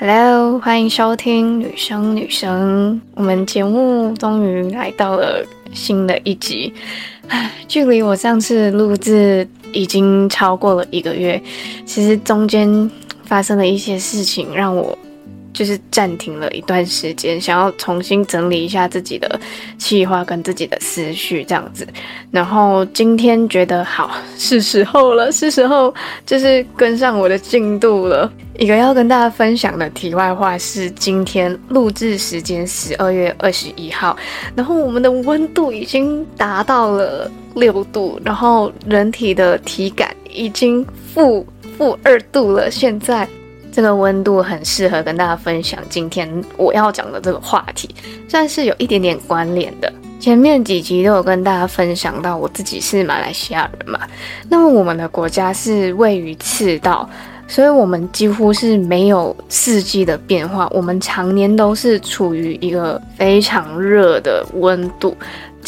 Hello，歡迎收聽女生女生，我們節目終於來到了新的一集。啊，距離我上次錄製已經超過了一個月。其實中間發生了一些事情讓我。就是暫停了一段時間，想要重新整理一下自己的企劃跟自己的思緒這樣子。然後今天覺得好是時候了，是時候就是跟上我的進度了。一個要跟大家分享的題外話是，今天錄製時間十二月二十一號，然後我們的溫度已經達到了六度，然後人體的體感已經負負二度了，現在。這個溫度很適合跟大家分享今天我要講的這個話題，算是有一點點關聯的。前面幾集都有跟大家分享到，我自己是馬來西亞人嘛，那麼我們的國家是位於赤道，所以我們幾乎是沒有四季的變化，我們常年都是處於一個非常熱的溫度。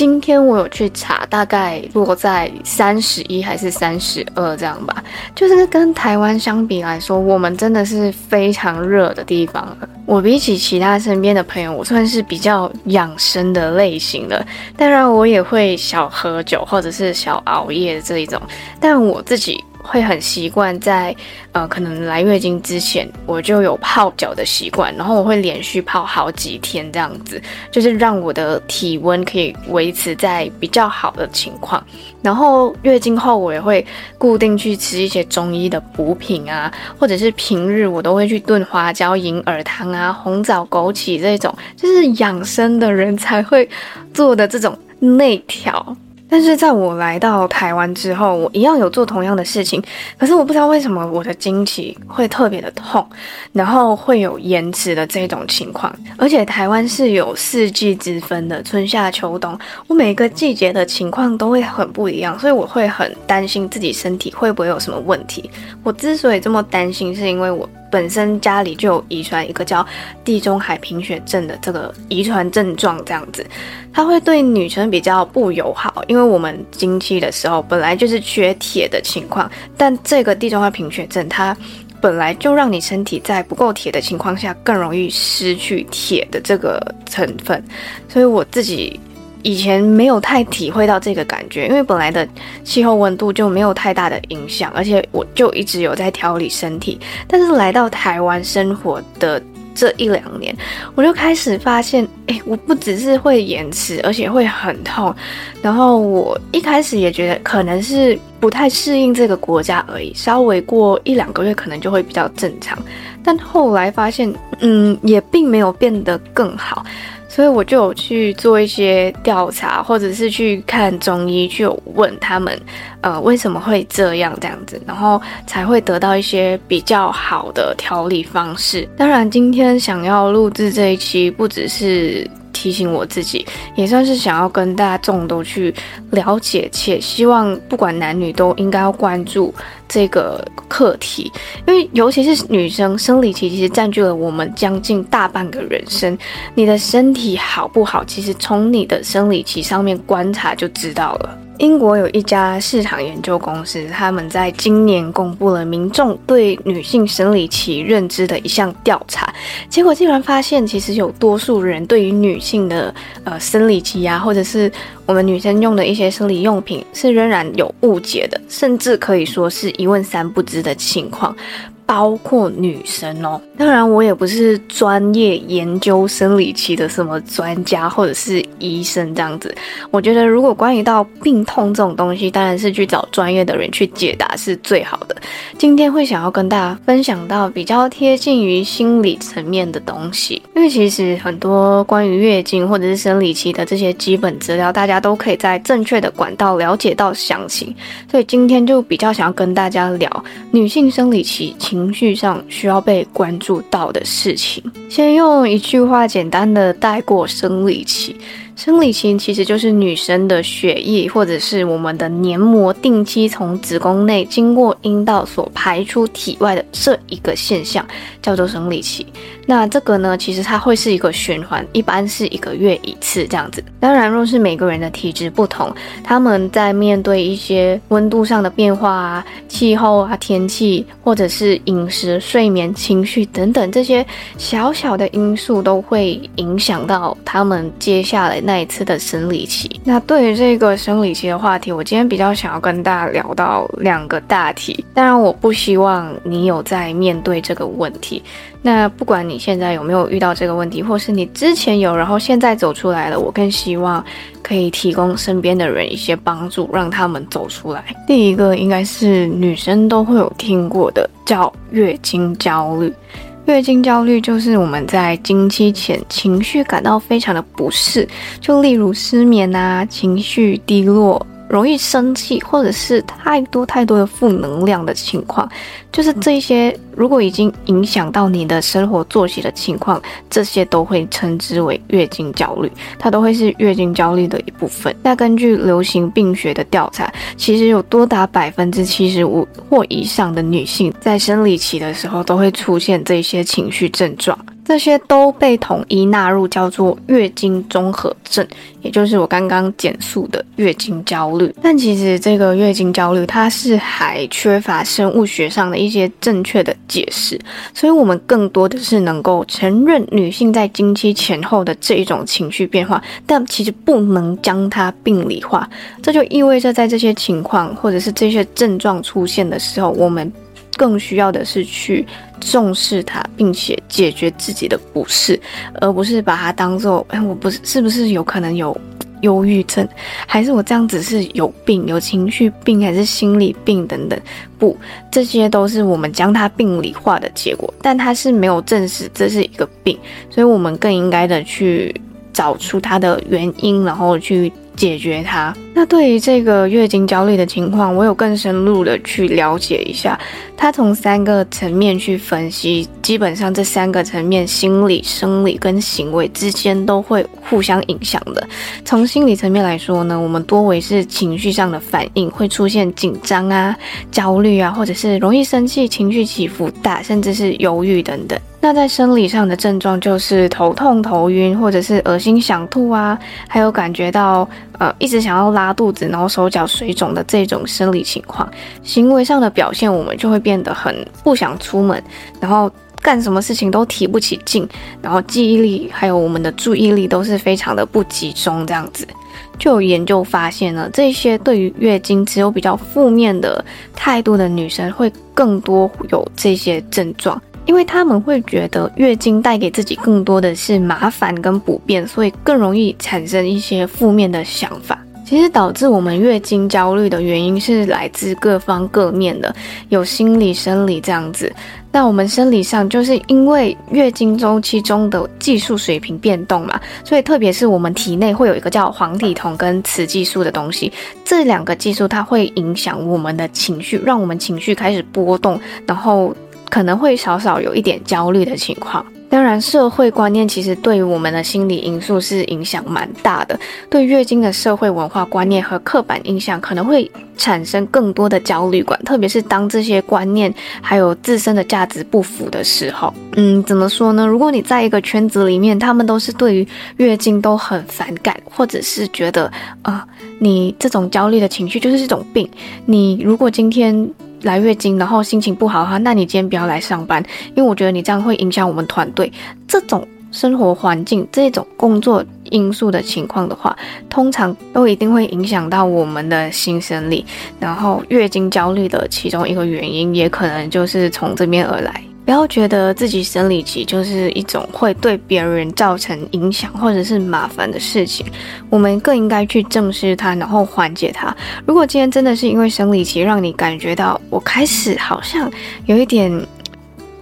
今天我有去查，大概落在三十一還是三十二這樣吧。就是跟台灣相比來說，我們真的是非常熱的地方了。我比起其他身邊的朋友，我算是比較養生的類型的。當然，我也會少喝酒或者是少熬夜這一種。但我自己。會很習慣在，呃，可能來月經之前我就有泡腳的習慣，然後我會連續泡好幾天這樣子，就是讓我的體溫可以維持在比較好的情況。然後月經後我也會固定去吃一些中醫的補品啊，或者是平日我都會去燉花膠銀耳湯啊，紅棗枸杞這種，就是養生的人才會做的這種內調。但是在我來到台灣之後，我一樣有做同樣的事情，可是我不知道為什麼我的經期會特別的痛，然後會有延遲的這種情況。而且台灣是有四季之分的，春夏秋冬，我每一個季節的情況都會很不一樣，所以我會很擔心自己身體會不會有什麼問題。我之所以這麼擔心，是因為我。本身家裡就有遺傳一個叫地中海貧血症的這個遺傳症狀，這樣子，它會對女生比較不友好，因為我們經期的時候本來就是缺鐵的情況，但這個地中海貧血症它本來就讓你身體在不夠鐵的情況下更容易失去鐵的這個成分，所以我自己。以前沒有太體會到這個感覺，因為本來的氣候溫度就沒有太大的影響，而且我就一直有在調理身體。但是來到台灣生活的這一兩年，我就開始發現，誒，我不只是會延遲，而且會很痛。然後我一開始也覺得可能是不太適應這個國家而已，稍微過一兩個月可能就會比較正常。但後來發現，嗯，也並沒有變得更好。所以我就有去做一些調查，或者是去看中醫，去問他們，呃，為什麼會這樣這樣子，然後才會得到一些比較好的調理方式。當然，今天想要錄製這一期，不只是，提醒我自己，也算是想要跟大眾，都去了解，且希望不管男女都應該要關注這個課題，因為尤其是女生生理期其實佔據了我們將近大半個人生，你的身體好不好，其實從你的生理期上面觀察就知道了。英國有一家市場研究公司，他們在今年公布了民眾對女性生理期認知的一項調查，結果竟然發現，其實有多數人對於女性的呃生理期啊，或者是我們女生用的一些生理用品，是仍然有誤解的，甚至可以說是一問三不知的情況。包括女生哦，當然我也不是專業研究生理期的什麼專家或者是醫生這樣子。我覺得如果關於到病痛這種東西，當然是去找專業的人去解答是最好的。今天會想要跟大家分享到比較貼近於心理層面的東西，因為其實很多關於月經或者是生理期的這些基本資料，大家都可以在正確的管道了解到詳情。所以今天就比較想要跟大家聊女性生理期情緒上需要被關注到的事情，先用一句話簡單的帶過生理期。生理期其實就是女生的血液或者是我們的黏膜，定期從子宮內經過陰道所排出體外的這一個現象，叫做生理期。那這個呢，其實它會是一個循環，一般是一個月一次這樣子。當然，若是每個人的體質不同，他們在面對一些溫度上的變化啊、氣候啊、天氣或者是飲食、睡眠、情緒等等這些小小的因素，都會影響到他們接下來再一次的生理期，那對於這個生理期的話題，我今天比較想要跟大家聊到兩個大題。當然，我不希望你有在面對這個問題。那不管你現在有沒有遇到這個問題，或是你之前有，然後現在走出來了，我更希望可以提供身邊的人一些幫助，讓他們走出來。第一個應該是女生都會有聽過的，叫月經焦慮。月經焦慮就是我們在經期前情緒感到非常的不適，就例如失眠啊，情緒低落，容易生氣，或者是太多太多的負能量的情況，就是這些。如果已經影響到你的生活作息的情況，這些都會稱之為月經焦慮，它都會是月經焦慮的一部分。那根據流行病學的調查，其實有多達百分之七十五或以上的女性在生理期的時候都會出現這些情緒症狀。這些都被統一納入叫做月經綜合症，也就是我剛剛簡述的月經焦慮。但其實這個月經焦慮，它是還缺乏生物學上的一些正確的解釋，所以我們更多的是能夠承認女性在經期前後的這一種情緒變化，但其實不能將它病理化。這就意味着在這些情況或者是這些症狀出現的時候，我們。更需要的是去重視它，並且解決自己的不適，而不是把它當做哎，我不是，是不是有可能有憂鬱症？還是我這樣子是有病、有情緒病，還是心理病等等？不，這些都是我們將它病理化的結果。但它是沒有證實這是一個病，所以我們更應該的去找出它的原因，然後去解決它。那對於這個月經焦慮的情況，我有更深入的去了解一下。它從三個層面去分析，基本上這三個層面，心理、生理跟行為之間都會互相影響的。從心理層面來說呢，我們多為是情緒上的反應，會出現緊張啊、焦慮啊，或者是容易生氣、情緒起伏大，甚至是憂鬱等等。那在生理上的症狀就是頭痛、頭暈，或者是惡心想吐啊，還有感覺到。呃，一直想要拉肚子，然後手腳水腫的這種生理情況，行為上的表現，我們就會變得很不想出門，然後幹什麼事情都提不起勁，然後記憶力還有我們的注意力都是非常的不集中，這樣子。就有研究發現呢，這些對於月經持有比較負面的態度的女生，會更多有這些症狀。因為他們會覺得月經帶給自己更多的是麻煩跟不便，所以更容易產生一些負面的想法。其實導致我們月經焦慮的原因是來自各方各面的，有心理、生理這樣子。那我們生理上就是因為月經週期中的激素水平變動嘛，所以特別是我們體內會有一個叫黃體酮跟雌激素的東西，這兩個激素它會影響我們的情緒，讓我們情緒開始波動，然後。可能會少少有一點焦慮的情況。當然，社會觀念其實對於我們的心理因素是影響蠻大的。對月經的社會文化觀念和刻板印象，可能會產生更多的焦慮感。特別是當這些觀念還有自身的價值不符的時候，嗯，怎麼說呢？如果你在一個圈子裡面，他們都是對於月經都很反感，或者是覺得啊、呃，你這種焦慮的情緒就是這種病。你如果今天。來月經，然後心情不好哈，那你今天不要來上班，因為我覺得你這樣會影響我們團隊。這種生活環境、這種工作因素的情況的話，通常都一定會影響到我們的心生理，然後月經焦慮的其中一個原因，也可能就是從這邊而來。不要覺得自己生理期就是一種會對別人造成影響或者是麻煩的事情，我們更應該去正視它，然後緩解它。如果今天真的是因為生理期讓你感覺到我開始好像有一點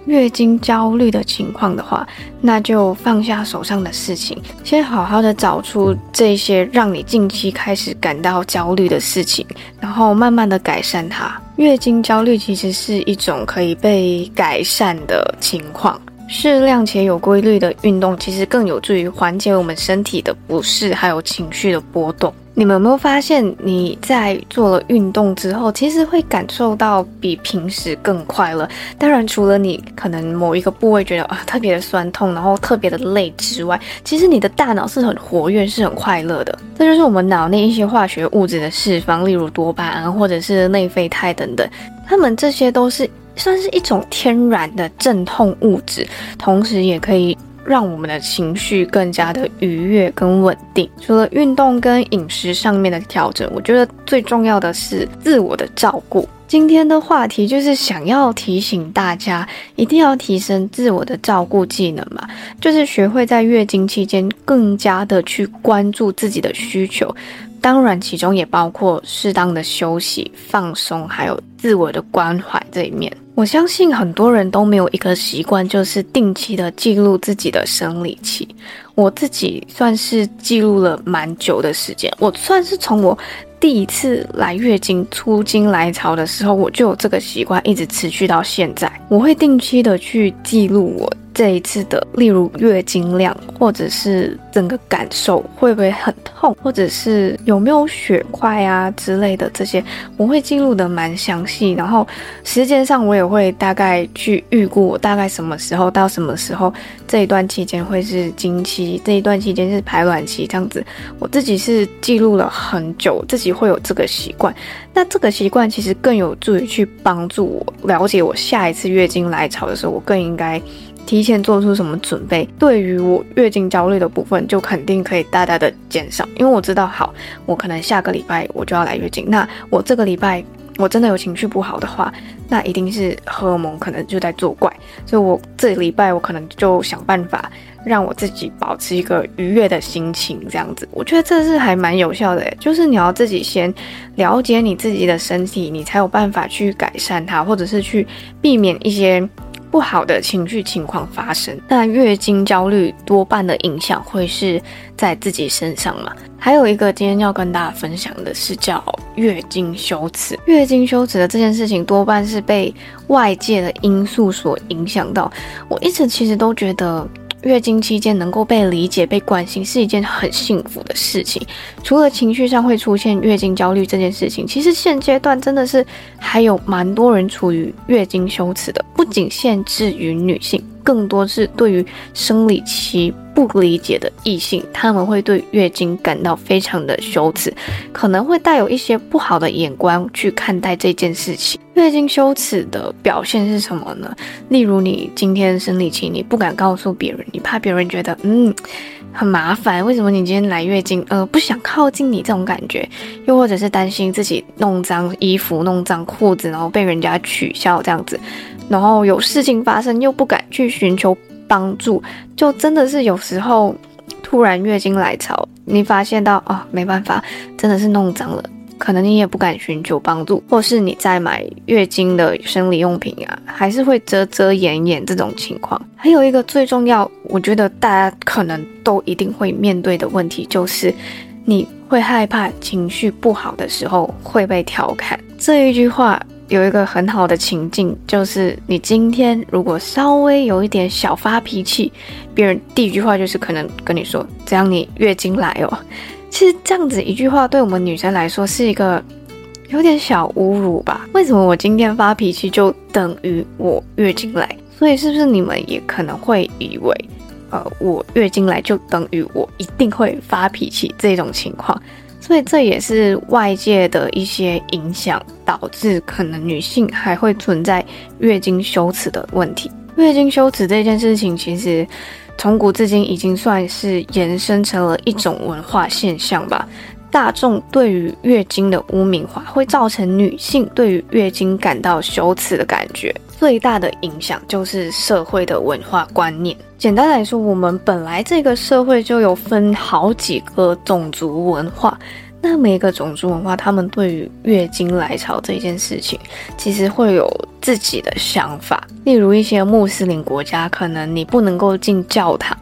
月經焦慮的情況的話，那就放下手上的事情，先好好的找出這些讓你近期開始感到焦慮的事情，然後慢慢的改善它。月經焦慮其實是一種可以被改善的情況，適量且有規律的運動其實更有助於緩解我們身體的不適，還有情緒的波動。你們有沒有發現，你在做了運動之後，其實會感受到比平時更快樂？當然，除了你可能某一個部位覺得啊特別的酸痛，然後特別的累之外，其實你的大腦是很活躍，是很快樂的。這就是我們腦內一些化學物質的釋放，例如多巴胺或者是內啡肽等等，它們這些都是算是一種天然的鎮痛物質，同時也可以。讓我們的情緒更加的愉悅跟穩定。除了運動跟飲食上面的調整，我覺得最重要的是自我的照顧。今天的話題就是想要提醒大家，一定要提升自我的照顧技能嘛，就是學會在月經期間更加的去關注自己的需求。當然，其中也包括適當的休息、放鬆，還有自我的關懷這一面。我相信很多人都沒有一個習慣，就是定期的記錄自己的生理期。我自己算是記錄了蠻久的時間，我算是從我第一次來月經、初經來潮的時候，我就有這個習慣，一直持續到現在。我會定期的去記錄我。這一次的，例如月經量，或者是整個感受會不會很痛，或者是有沒有血塊啊之類的這些，我會記錄得蠻詳細。然後時間上我也會大概去預估，我大概什麼時候到什麼時候這一段期間會是經期，這一段期間是排卵期這樣子。我自己是記錄了很久，自己會有這個習慣。那這個習慣其實更有助於去幫助我了解我下一次月經來潮的時候，我更應該。提前做出什麼準備，對於我月經焦慮的部分，就肯定可以大大的減少。因為我知道，好，我可能下個禮拜我就要來月經，那我這個禮拜我真的有情緒不好的話，那一定是荷爾蒙可能就在作怪，所以我這禮拜我可能就想辦法讓我自己保持一個愉悅的心情，這樣子，我覺得這是還蠻有效的耶，就是你要自己先了解你自己的身體，你才有辦法去改善它，或者是去避免一些。不好的情緒情況發生，那月經焦慮多半的影響會是在自己身上嘛。還有一個今天要跟大家分享的是叫月經羞恥。月經羞恥的這件事情多半是被外界的因素所影響到。我一直其實都覺得。月經期間能夠被理解、被關心是一件很幸福的事情。除了情緒上會出現月經焦慮這件事情，其實現階段真的是還有蠻多人處於月經羞恥的，不僅限制於女性。更多是對於生理期不理解的異性，他們會對月經感到非常的羞恥，可能會帶有一些不好的眼光去看待這件事情。月經羞恥的表現是什麼呢？例如，你今天生理期，你不敢告訴別人，你怕別人覺得嗯，很麻煩，為什麼你今天來月經？呃，不想靠近你這種感覺，又或者是擔心自己弄髒衣服、弄髒褲子，然後被人家取笑這樣子。然後有事情發生又不敢去尋求幫助，就真的是有時候突然月經來潮，你發現到啊、哦、沒辦法，真的是弄髒了，可能你也不敢尋求幫助，或是你在買月經的生理用品啊，還是會遮遮掩掩這種情況。還有一個最重要，我覺得大家可能都一定會面對的問題，就是你會害怕情緒不好的時候會被調侃這一句話。有一個很好的情境，就是你今天如果稍微有一點小發脾氣，別人第一句話就是可能跟你說：“這樣你月經來哦。”其實這樣子一句話，對我們女生來說是一個有點小侮辱吧？為什麼我今天發脾氣就等於我月經來？所以是不是你們也可能會以為，呃，我月經來就等於我一定會發脾氣這種情況？所以這也是外界的一些影響，導致可能女性還會存在月經羞恥的問題。月經羞恥這件事情，其實從古至今已經算是延伸成了一種文化現象吧。大眾對於月經的污名化，會造成女性對於月經感到羞恥的感覺。最大的影響就是社會的文化觀念。簡單來說，我們本來這個社會就有分好幾個種族文化，那每一個種族文化，他們對於月經來潮這件事情，其實會有自己的想法。例如一些穆斯林國家，可能你不能夠進教堂。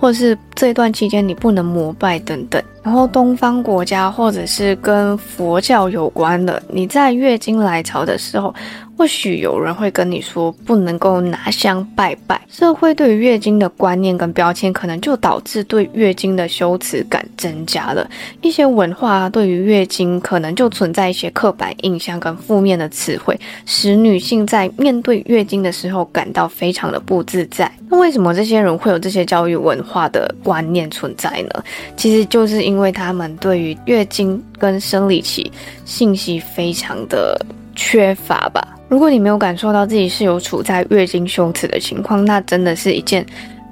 或是這段期間你不能膜拜等等，然後東方國家或者是跟佛教有關的，你在月經來潮的時候。或許有人會跟你說不能夠拿香拜拜。社會對於月經的觀念跟標籤，可能就導致對月經的羞恥感增加了一些。文化對於月經可能就存在一些刻板印象跟負面的詞彙，使女性在面對月經的時候感到非常的不自在。那為什麼這些人會有這些教育文化的觀念存在呢？其實就是因為他們對於月經跟生理期信息非常的。缺乏吧。如果你沒有感受到自己是有處在月經羞恥的情況，那真的是一件。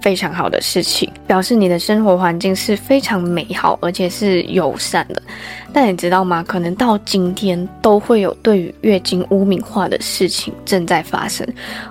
非常好的事情，表示你的生活環境是非常美好，而且是友善的。但你知道嗎？可能到今天都會有對於月經污名化的事情正在發生。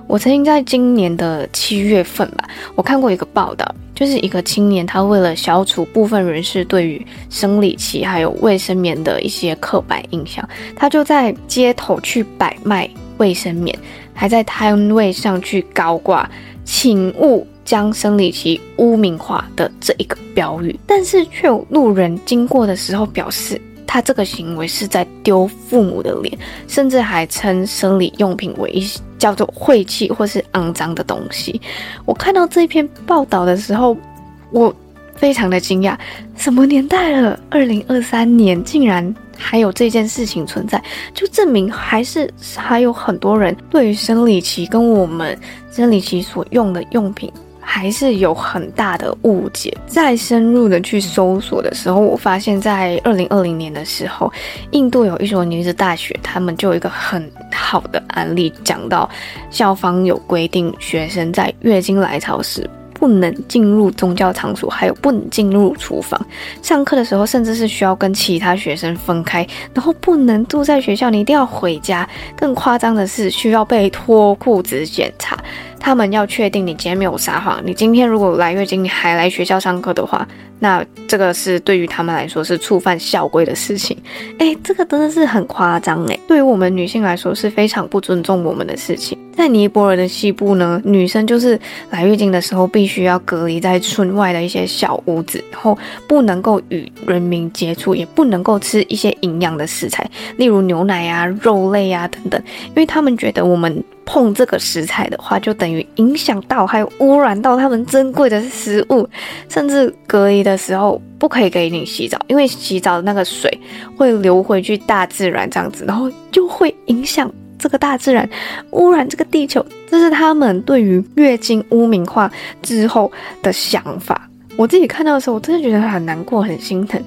我曾經在今年的七月份吧，我看過一個報道，就是一個青年，他為了消除部分人士對於生理期還有衛生棉的一些刻板印象，他就在街頭去擺賣衛生棉，還在攤位上去高掛“請勿”。將生理期污名化的這一個標語，但是卻有路人經過的時候表示，他這個行為是在丟父母的臉，甚至還稱生理用品為一些叫做晦氣或是骯髒的東西。我看到這篇報道的時候，我非常的驚訝，什麼年代了？二零二三年竟然還有這件事情存在，就證明還是還有很多人對於生理期跟我們生理期所用的用品。還是有很大的誤解。再深入的去搜索的時候，我發現，在二零二零年的時候，印度有一所女子大學，他們就有一個很好的案例，講到校方有規定，學生在月經來潮時不能進入宗教場所，還有不能進入廚房。上課的時候，甚至是需要跟其他學生分開，然後不能住在學校，你一定要回家。更誇張的是，需要被脫褲子檢查。他們要確定你今天沒有撒謊。你今天如果來月經，你還來學校上課的話，那這個是對於他們來說是觸犯校規的事情。哎、欸，這個真的是很誇張哎，對於我們女性來說是非常不尊重我們的事情。在尼泊爾的西部呢，女生就是來月經的時候必須要隔離在村外的一些小屋子，然後不能夠與人民接觸，也不能夠吃一些營養的食材，例如牛奶啊、肉類啊等等，因為他們覺得我們碰這個食材的話，就等於影響到還有污染到他們珍貴的食物，甚至隔離的時候不可以給你洗澡，因為洗澡的那個水會流回去大自然，這樣子，然後就會影響。這個大自然污染這個地球，這是他們對於月經污名化之後的想法。我自己看到的時候，我真的覺得很難過，很心疼。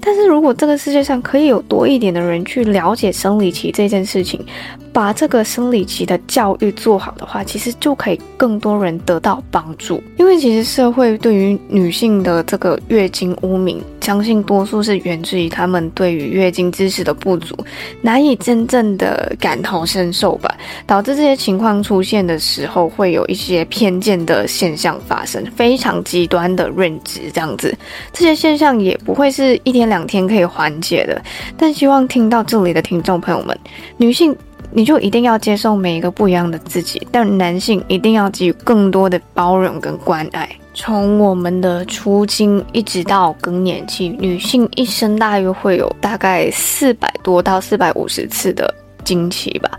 但是如果這個世界上可以有多一點的人去了解生理期這件事情，把這個生理期的教育做好的話，其實就可以更多人得到幫助。因為其實社會對於女性的這個月經污名。相信多數是源自於他們對於月經知識的不足，難以真正的感同身受吧，導致這些情況出現的時候，會有一些偏見的現象發生，非常極端的認知，這樣子。這些現象也不會是一天兩天可以緩解的，但希望聽到這裡的聽眾朋友們，女性，你就一定要接受每一個不一樣的自己，但男性一定要給予更多的包容跟關愛。從我們的初經一直到更年期，女性一生大約會有大概四百多到四百五十次的經期吧，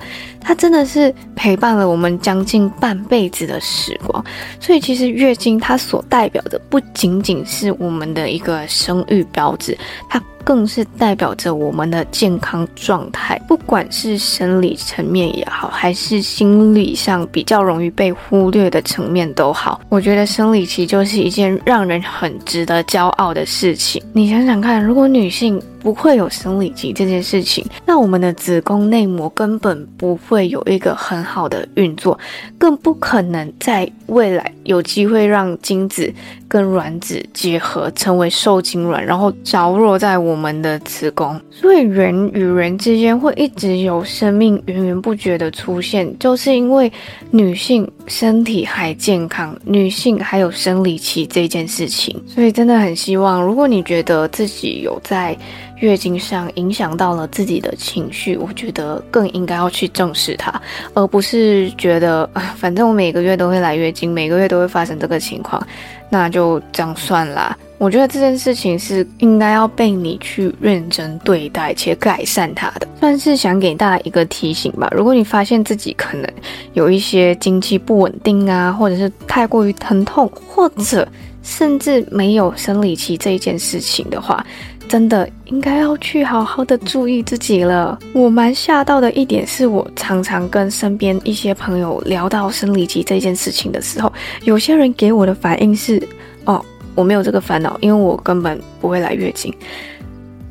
它真的是陪伴了我們將近半輩子的時光。所以，其實月經它所代表的不僅僅是我們的一個生育標誌，它。更是代表着我們的健康狀態，不管是生理層面也好，還是心理上比較容易被忽略的層面都好。我覺得生理期就是一件讓人很值得驕傲的事情。你想想看，如果女性不會有生理期這件事情，那我們的子宮內膜根本不會有一個很好的運作，更不可能在未來有機會讓精子。跟卵子結合，成為受精卵，然後着落在我們的子宮。所以人與人之間會一直有生命源源不絕的出現，就是因為女性身體還健康，女性還有生理期這件事情。所以真的很希望，如果你覺得自己有在。月經上影響到了自己的情緒，我覺得更應該要去正視它，而不是覺得啊，反正我每個月都會來月經，每個月都會發生這個情況，那就這樣算啦，我覺得這件事情是應該要被你去認真對待且改善它的，算是想給大家一個提醒吧。如果你發現自己可能有一些經期不穩定啊，或者是太過於疼痛，或者甚至沒有生理期這件事情的話，真的應該要去好好的注意自己了。我蠻嚇到的一點是，我常常跟身邊一些朋友聊到生理期這件事情的時候，有些人給我的反應是：“哦，我沒有這個煩惱，因為我根本不會來月經。”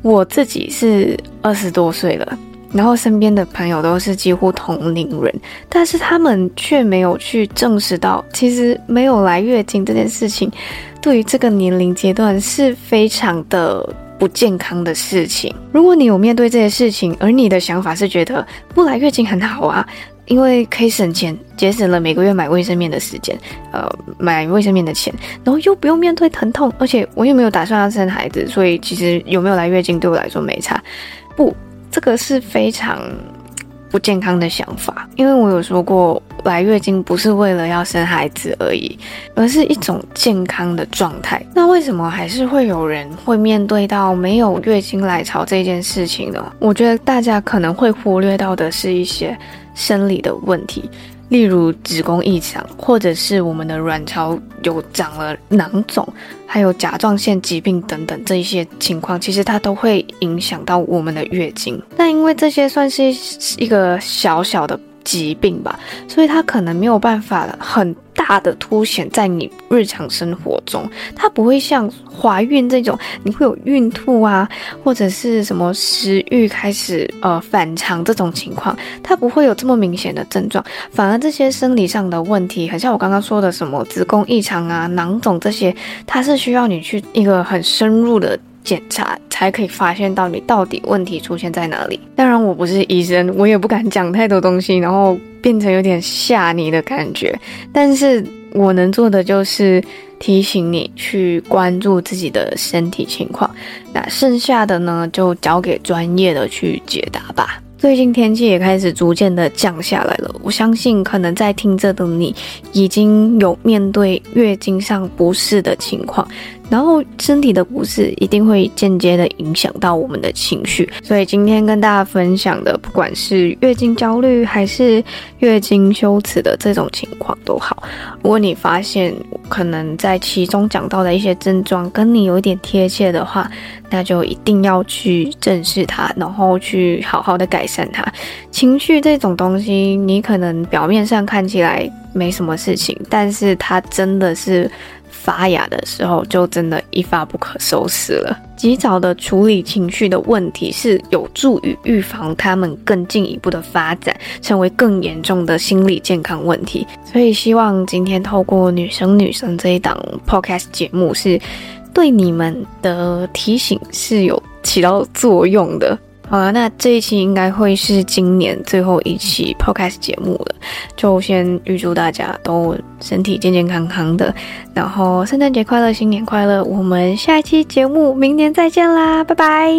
我自己是二十多歲了，然後身邊的朋友都是幾乎同齡人，但是他們卻沒有去正視到，其實沒有來月經這件事情，對於這個年齡階段是非常的。不健康的事情。如果你有面對這些事情，而你的想法是覺得不來月經很好啊，因為可以省錢，節省了每個月買衛生棉的時間，呃，買衛生棉的錢，然後又不用面對疼痛，而且我也沒有打算要生孩子，所以其實有沒有來月經對我來說沒差。不，這個是非常。不健康的想法，因為我有說過，來月經不是為了要生孩子而已，而是一種健康的狀態。那為什麼還是會有人會面對到沒有月經來潮這件事情呢？我覺得大家可能會忽略到的是一些生理的問題。例如子宮異常，或者是我們的卵巢有長了囊腫，還有甲狀腺疾病等等，這一些情況其實它都會影響到我們的月經。但因為這些算是一個小小的疾病吧，所以它可能沒有辦法很。它的凸顯在你日常生活中，它不會像懷孕這種，你會有孕吐啊，或者是什麼食慾開始呃反常這種情況，它不會有這麼明顯的症狀。反而這些生理上的問題，很像我剛剛說的什麼子宮異常啊、囊腫這些，它是需要你去一個很深入的。檢查才可以發現到你到底問題出現在哪裡。當然我不是醫生，我也不敢講太多東西，然後變成有點嚇你的感覺。但是我能做的就是提醒你去關注自己的身體情況。那剩下的呢，就交給專業的去解答吧。最近天氣也開始逐漸的降下來了，我相信可能在聽著的你已經有面對月經上不適的情況。然後身體的不適一定會間接的影響到我們的情緒，所以今天跟大家分享的，不管是月經焦慮還是月經羞恥的這種情況都好，如果你發現可能在其中講到的一些症狀跟你有一點貼切的話，那就一定要去正視它，然後去好好的改善它。情緒這種東西，你可能表面上看起來沒什麼事情，但是它真的是。發芽的時候，就真的一發不可收拾了。及早的處理情緒的問題，是有助於預防他們更進一步的發展，成為更嚴重的心理健康問題。所以，希望今天透過《女生女生》這一檔 podcast 節目是，是對你們的提醒是有起到作用的。好啦，那這一期應該會是今年最後一期 Podcast 節目了，就先預祝大家都身體健健康康的，然後聖誕節快樂，新年快樂，我們下一期節目明年再見啦，拜拜。